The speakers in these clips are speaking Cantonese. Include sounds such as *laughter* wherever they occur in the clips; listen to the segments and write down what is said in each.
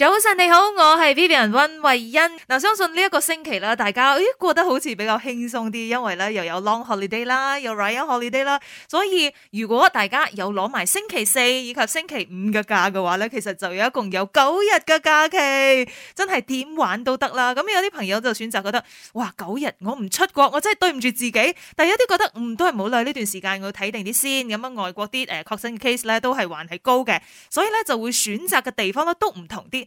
早晨你好，我係 Vivian 溫慧欣。嗱，相信呢一個星期啦，大家誒、哎、過得好似比較輕鬆啲，因為咧又有 Long Holiday 啦，又 Royal Holiday 啦。所以如果大家有攞埋星期四以及星期五嘅假嘅話咧，其實就有一共有九日嘅假期，真係點玩都得啦。咁有啲朋友就選擇覺得，哇，九日我唔出國，我真係對唔住自己。但係有啲覺得，唔、嗯、都係冇耐呢段時間我要睇定啲先。咁樣外國啲誒確診 case 咧都係還係高嘅，所以咧就會選擇嘅地方咧都唔同啲。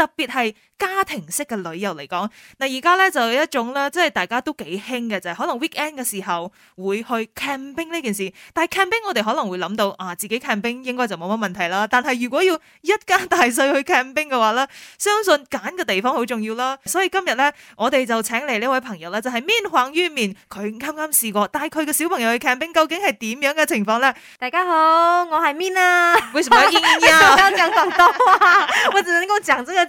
特別係家庭式嘅旅遊嚟講，嗱而家咧就有一種咧，即係大家都幾興嘅就係可能 weekend 嘅時候會去 camping 呢件事。但係 camping 我哋可能會諗到啊，自己 camping 應該就冇乜問題啦。但係如果要一家大細去 camping 嘅話咧，相信揀嘅地方好重要啦。所以今日咧，我哋就請嚟呢位朋友咧，就係 Min 黃毓敏，佢啱啱試過帶佢嘅小朋友去 camping，究竟係點樣嘅情況咧？大家好，我係 Min *laughs* 啊。為啊？ *laughs* 我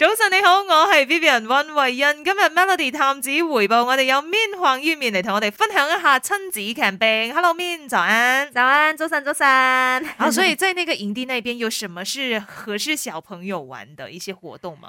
早晨你好，我係 Vivian 溫慧欣，今日 Melody 探子回報，我哋有 Min 黃毓敏嚟同我哋分享一下親子 camping。Hello Min，早安，早安，早晨，早晨。好、 *laughs* 啊，所以在那個營地那邊，有什麼是合適小朋友玩的一些活動嗎？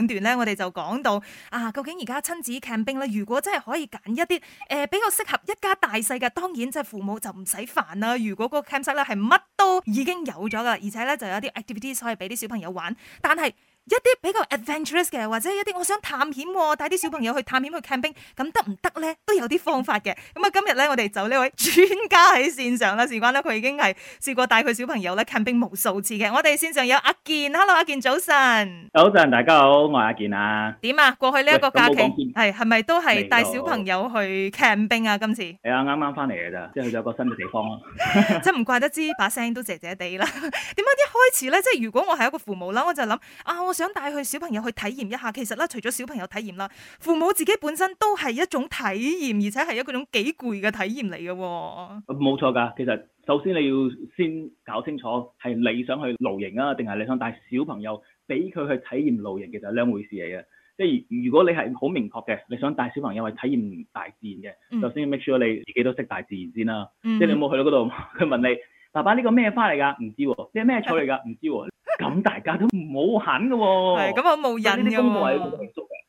兩段咧，我哋就講到啊，究竟而家親子 camping 咧，如果真係可以揀一啲、呃、比較適合一家大細嘅，當然即係父母就唔使煩啦。如果個 campsite 咧係乜都已經有咗噶，而且咧就有啲 activity 可以俾啲小朋友玩，但係，一啲比較 adventurous 嘅，或者一啲我想探險、哦，帶啲小朋友去探險去 camping，咁得唔得咧？都有啲方法嘅。咁啊，今日咧我哋就呢位專家喺線上啦，事關咧佢已經係試過帶佢小朋友咧 camping 無數次嘅。我哋線上有阿健，hello 阿健，早晨。早晨，大家好，我係阿健啊。點啊？過去呢一個假期係係咪都係帶小朋友去 camping 啊？今次係啊，啱啱翻嚟嘅咋，即係去咗個新嘅地方咯。 *laughs* *laughs* 真唔怪得之，把聲都姐姐地啦。點 *laughs* 解一開始咧，即係如果我係一個父母啦，我就諗啊，我。想帶去小朋友去體驗一下，其實咧，除咗小朋友體驗啦，父母自己本身都係一種體驗，而且係一種幾攰嘅體驗嚟嘅。冇錯㗎，其實首先你要先搞清楚係你想去露營啊，定係你想帶小朋友俾佢去體驗露營，其實係兩回事嚟嘅。即係如果你係好明確嘅，你想帶小朋友去體驗大自然嘅，首、嗯、先 make sure 你自己都識大自然先啦。嗯、即係你有冇去到嗰度？佢問你：嗯、爸爸呢個咩花嚟㗎？唔知喎。呢咩草嚟㗎？唔 *laughs* 知喎。.咁 *laughs* 大家都唔好肯喎，係咁我冇癮嘅，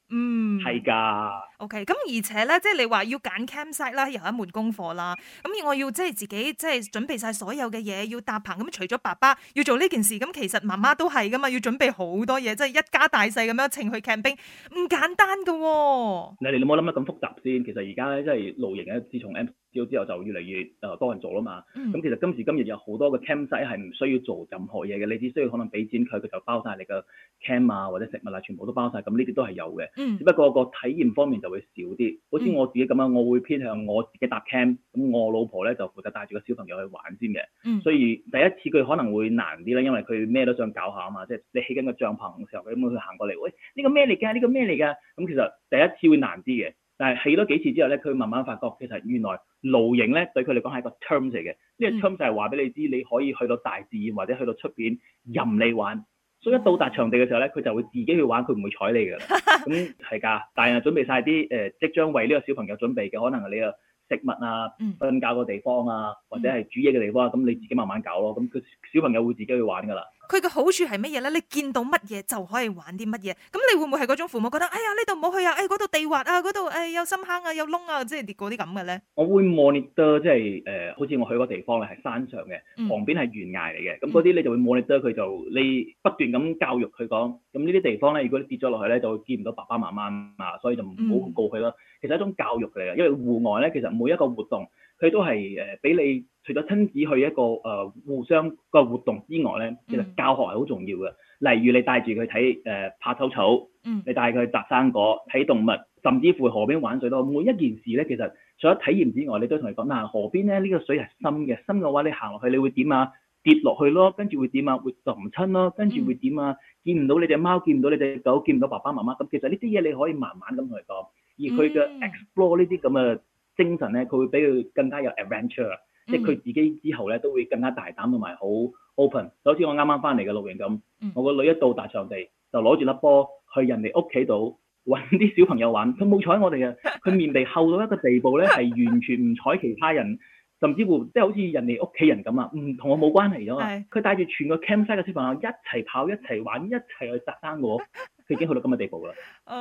嗯，係噶。O.K. 咁而且咧，即係你話要揀 campsite 啦，又一門功課啦。咁我要即係自己即係準備晒所有嘅嘢，要搭棚。咁除咗爸爸要做呢件事，咁其實媽媽都係噶嘛，要準備好多嘢，即係一家大細咁樣程去 camping，唔簡單噶喎。你哋冇諗得咁複雜先。其實而家咧，即係露營咧，自從 MCO 之後就越嚟越多人做啦嘛。咁、嗯、其實今時今日有好多嘅 campsite 係唔需要做任何嘢嘅，你只需要可能俾錢佢，佢就包晒你嘅 camp 啊或者食物啊，全部都包晒。咁呢啲都係有嘅。嗯、只不過個體驗方面就會少啲，好似我自己咁樣，嗯、我會偏向我自己搭 cam，咁我老婆咧就負責帶住個小朋友去玩先嘅。嗯、所以第一次佢可能會難啲啦，因為佢咩都想搞下啊嘛，即係你起緊個帳篷嘅時候，佢咁佢行過嚟，喂、哎，呢、呢個咩嚟㗎？呢、呢個咩嚟㗎？咁、嗯、其實第一次會難啲嘅，但係起多幾次之後咧，佢慢慢發覺其實原來露營咧對佢嚟講係一個 term 嚟嘅，呢、嗯、個 term 就係話俾你知你可以去到大自然或者去到出面任你玩。所以一到達場地嘅時候咧，佢就會自己去玩他不， *laughs* 佢唔會睬你㗎喇。咁係㗎，大人準備晒啲誒，即將為呢個小朋友準備嘅，可能係你啊～食物啊，瞓覺個地方啊，嗯、或者係煮嘢嘅地方啊，咁你自己慢慢搞咯。咁個小朋友會自己去玩噶啦。佢嘅好處係乜嘢咧？你見到乜嘢就可以玩啲乜嘢。咁你會唔會係嗰種父母覺得，哎呀呢度唔好去啊，誒嗰度地滑啊，嗰度誒有深坑啊，有窿啊，即係跌嗰啲咁嘅咧？我會 monitor、即係，即係誒，好似我去嗰個地方咧係山上嘅，嗯、旁邊係懸崖嚟嘅，咁嗰啲你就會 monitor。得佢就你不斷咁教育佢講，咁呢啲地方咧，如果你跌咗落去咧，就會見唔到爸爸媽媽啊，所以就唔好告佢咯。嗯其實係一種教育嚟嘅，因為戶外咧，其實每一個活動佢都係誒俾你除咗親子去一個誒、呃、互相個活動之外咧，mm. 其實教學係好重要嘅。例如你帶住佢睇誒怕羞草，mm. 你帶佢摘生果、睇動物，甚至乎河邊玩水都好。每一件事咧，其實除咗體驗之外，你都同佢講嗱，河邊咧呢、呢個水係深嘅，深嘅話你行落去你會點啊？跌落去咯，跟住會點啊？會浸親咯，跟住會點啊？見唔到你隻貓，見唔到你隻狗，見唔到，到爸爸媽媽。咁其實呢啲嘢你可以慢慢咁同佢講。而佢嘅 explore 呢啲咁嘅精神咧，佢、嗯、會俾佢更加有 adventure，即係佢、嗯、自己之後咧都會更加大膽同埋好 open 就剛剛。就好似我啱啱翻嚟嘅露營咁，我個女一到達場地就攞住粒波去人哋屋企度揾啲小朋友玩，佢冇睬我哋嘅，佢面皮厚到一個地步咧係 *laughs* 完全唔睬其他人，甚至乎即係好似人哋屋企人咁啊，唔同我冇關係咗啊！佢帶住全個 campsite 嘅小朋友一齊跑，一齊玩，一齊去摘生我。 *laughs* *laughs* 已經去到咁嘅地步啦，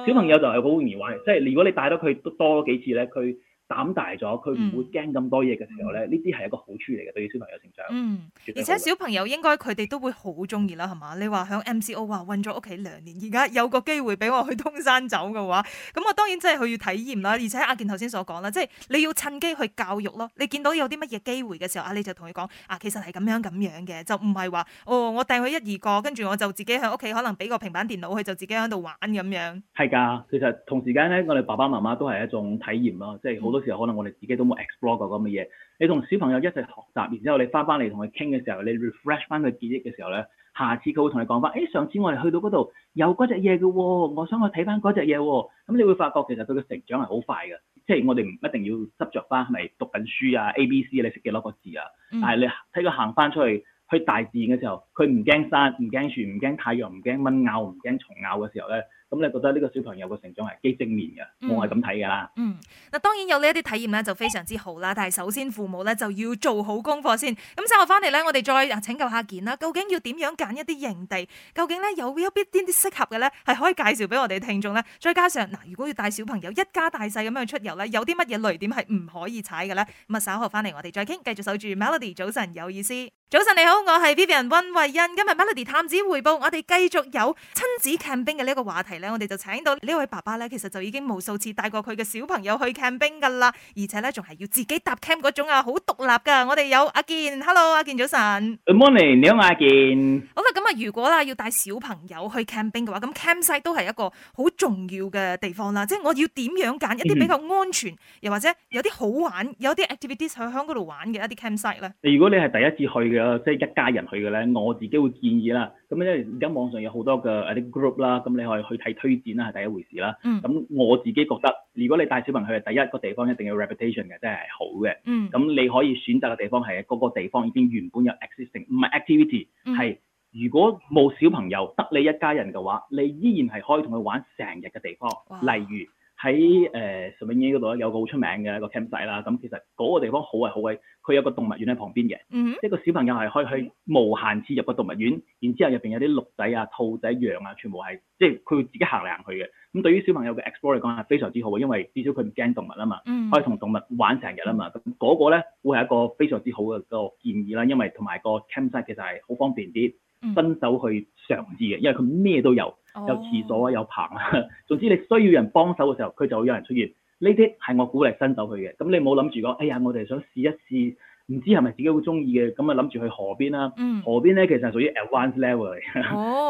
小朋友就係好容易玩，即係如果你帶多佢都多幾次咧，佢。膽大咗，佢唔會驚咁多嘢嘅時候咧，呢啲係一個好處嚟嘅對於小朋友成長。嗯，而且小朋友應該佢哋都會好中意啦，係嘛？你話響 MCO 啊，韞咗屋企兩年，而家有個機會俾我去東山走嘅話，咁我當然真係去要體驗啦。而且阿健頭先所講啦，即係你要趁機去教育咯。你見到有啲乜嘢機會嘅時候，阿你就同佢講啊，其實係咁樣咁樣嘅，就唔係話哦，我掟佢一、二個，跟住我就自己喺屋企可能俾個平板電腦，佢就自己喺度玩咁樣。係㗎，其實同時間咧，我哋爸爸媽媽都係一種體驗咯，即係好多時候可能我哋自己都冇 explore 過咁嘅嘢，你同小朋友一齊學習，然之後你翻返嚟同佢傾嘅時候，你 refresh 翻佢記憶嘅時候咧，下次佢會同你講翻，誒、欸、上次我哋去到嗰度有嗰隻嘢嘅喎，我想去睇翻嗰隻嘢喎，咁你會發覺其實佢嘅成長係好快嘅，即係我哋唔一定要執着翻係咪讀緊書啊、A、B、C，你識幾多個字啊，嗯、但係你睇佢行翻出去去大自然嘅時候，佢唔驚山、唔驚樹、唔驚太陽、唔驚蚊咬、唔驚蟲咬嘅時候咧。咁你覺得呢個小朋友嘅成長係幾正面嘅？嗯、我係咁睇㗎啦。嗯，嗱，當然有呢一啲體驗咧就非常之好啦，但係首先父母咧就要做好功課先。咁稍後翻嚟咧，我哋再請教下健啦，究竟要點樣揀一啲營地？究竟咧有邊一啲適合嘅咧，係可以介紹俾我哋聽眾咧？再加上嗱，如果要帶小朋友一家大細咁樣去出遊咧，有啲乜嘢雷點係唔可以踩嘅咧？咁啊，稍後翻嚟我哋再傾，繼續守住 Melody 早晨有意思。早晨你好，我係 Vivian 溫慧欣。今日 Melody 探子回報，我哋繼續有親子 camping 嘅呢一個話題咧。我哋就請到呢位爸爸咧，其實就已經無數次帶過佢嘅小朋友去 camping 噶啦，而且咧仲係要自己搭 camp 嗰種啊，好獨立噶。我哋有阿健，Hello，阿健早晨。Good morning，你好，阿健。好啦，咁啊，如果啦要帶小朋友去 camping 嘅話，咁 campsite 都係一個好重要嘅地方啦。即係我要點樣揀一啲比較安全，mm hmm. 又或者有啲好玩，有啲 activities 去喺嗰度玩嘅一啲 campsite 咧。如果你係第一次去嘅。誒即係一家人去嘅咧，我自己會建議啦。咁因為而家網上有好多嘅啲 group 啦，咁你可以去睇推薦啦，係第一回事啦。嗯。咁我自己覺得，如果你帶小朋友去，第一個地方一定要 reputation 嘅，真係好嘅。嗯。咁你可以選擇嘅地方係嗰個地方已經原本有 existing，唔係 activity，係、嗯、如果冇小朋友得你一家人嘅話，你依然係可以同佢玩成日嘅地方，哇例如。喺誒順景嗰度咧有個好出名嘅一個 campsite 啦，咁其實嗰個地方好係好嘅，佢有個動物園喺旁邊嘅，嗯、mm hmm. 一個小朋友係可以去無限次入個動物園，然之後入邊有啲鹿仔啊、兔仔、羊啊，全部係即係佢會自己行嚟行去嘅。咁對於小朋友嘅 explorer 嚟講係非常之好嘅，因為至少佢唔驚動物啊嘛，mm hmm. 可以同動物玩成日啊嘛。咁、那、嗰個咧會係一個非常之好嘅個建議啦，因為同埋個 campsite 其實係好方便啲。新手去嘗試嘅，因為佢咩都有，有廁所啊，有棚啊，oh. 總之你需要人幫手嘅時候，佢就會有人出現。呢啲係我鼓勵新手去嘅，咁你冇諗住講，哎呀，我哋想試一試。唔知係咪自己會中意嘅，咁啊諗住去河邊啦。嗯，河邊咧其實係屬於 advanced level 嚟，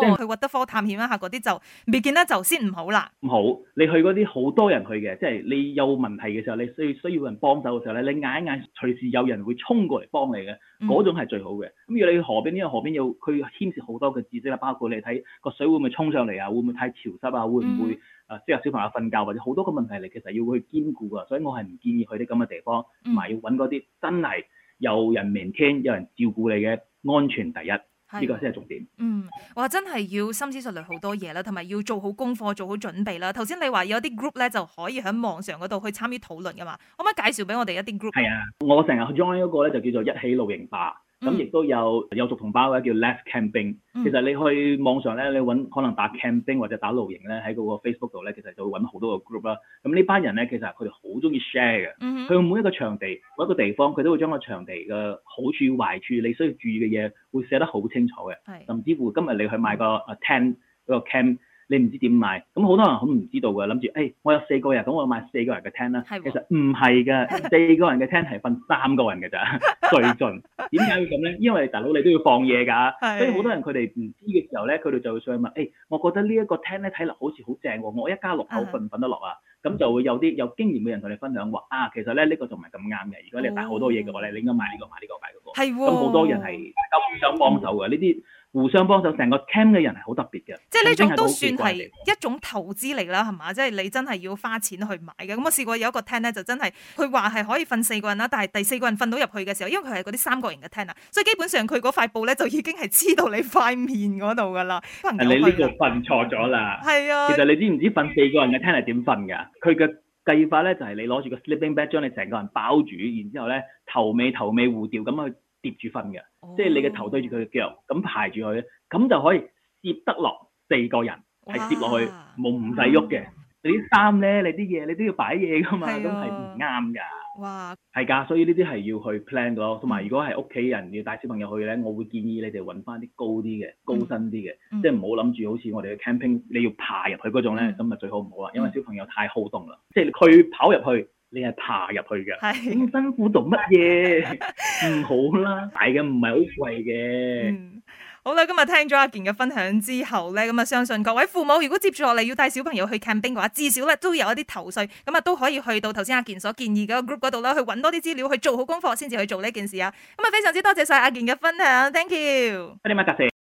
即係去沃德科探險一下嗰啲就未見得就先唔好啦。唔好，你去嗰啲好多人去嘅，即係你有問題嘅時候，你需需要人幫手嘅時候咧，你嗌一嗌，隨時有人會衝過嚟幫你嘅，嗰、嗯、種係最好嘅。咁如果你去河邊，因為河邊有佢牽涉好多嘅知識啦，包括你睇個水會唔會沖上嚟啊，會唔會太潮濕啊，會唔會誒適合小朋友瞓覺，嗯、或者好多嘅問題你其實要去兼顧噶，所以我係唔建議去啲咁嘅地方，同埋要揾嗰啲真係。有人 maintain，有人照顧你嘅安全第一，呢、啊、個先係重點。嗯，我真係要深思熟慮好多嘢啦，同埋要做好功課、做好準備啦。頭先你話有啲 group 咧就可以喺網上嗰度去參與討論噶嘛，可唔可以介紹俾我哋一啲 group？係啊，我成日 join 嗰個咧就叫做一起露營化。咁亦都有有族同胞咧叫 left camping、嗯。其實你去網上咧，你揾可能打 camping 或者打露營咧，喺嗰個 Facebook 度咧，其實就會揾好多個 group 啦。咁呢班人咧，其實佢哋好中意 share 嘅。嗯、哼去每一個場地，每一個地方，佢都會將個場地嘅好處、壞處，你需要注意嘅嘢，會寫得好清楚嘅。是甚至乎今日你去買個啊 tent 嗰個 camp。你唔知點買，咁好多人好唔知道㗎，諗住，誒、哎，我有四個人，咁我買四個人嘅廳啦。是哦、其實唔係㗎，四個人嘅廳係瞓三個人嘅咋， *laughs* 最盡。點解會咁咧？因為大佬你都要放嘢㗎，是所以好多人佢哋唔知嘅時候咧，佢哋就會上去問，誒、哎，我覺得呢一個廳咧睇落好似好正喎，我一家六口瞓唔瞓得落啊？咁是就會有啲有經驗嘅人同你分享話，啊，其實咧呢、這個就唔係咁啱嘅，如果你帶好多嘢嘅話咧，哦、你應該買呢個買呢個買嗰個。係喎、這個。咁好、這個這個哦、多人係咁想幫手㗎，呢啲、嗯。這互相幫手，成個 cam 嘅人係好特別嘅，即係呢種都算係一種投資嚟啦，係嘛？即係你真係要花錢去買嘅。咁我試過有一個 cam 咧，就真係佢話係可以瞓四個人啦，但係第四個人瞓到入去嘅時候，因為佢係嗰啲三角形嘅 cam 啦，所以基本上佢嗰塊布咧就已經係黐到你塊面嗰度噶啦。了你呢個瞓錯咗啦，係、嗯、啊！其實你知唔知瞓四個人嘅 cam 係點瞓㗎？佢嘅計法咧就係你攞住個 sleeping bag 將你成個人包住，然之後咧頭尾頭尾互調咁去疊住瞓嘅。即係你嘅頭對住佢嘅腳，咁排住佢，咁就可以接得落四個人，係接落去，冇唔使喐嘅。你啲衫咧，你啲嘢你都要擺嘢噶嘛，咁係唔啱噶。是的哇！係噶，所以呢啲係要去 plan 噶，同埋如果係屋企人要帶小朋友去咧，我會建議你哋揾翻啲高啲嘅、高身啲嘅，嗯嗯、即係唔好諗住好似我哋嘅 camping，你要爬入去嗰種咧，咁咪、嗯、最好唔好啦，因為小朋友太好動啦，即係佢跑入去。你係爬入去噶，咁係辛苦做乜嘢？唔係好啦，大嘅唔係好貴嘅。嗯，好啦，今日聽咗阿健嘅分享之後咧，咁啊，相信各位父母如果接住落嚟要帶小朋友去 camping 嘅話，至少咧都有一啲頭緒，咁啊都可以去到頭先阿健所建議嘅 group 嗰度啦，去搵多啲資料，去做好功課先至去做呢件事啊！咁啊，非常之多謝曬阿健嘅分享，thank you 謝謝。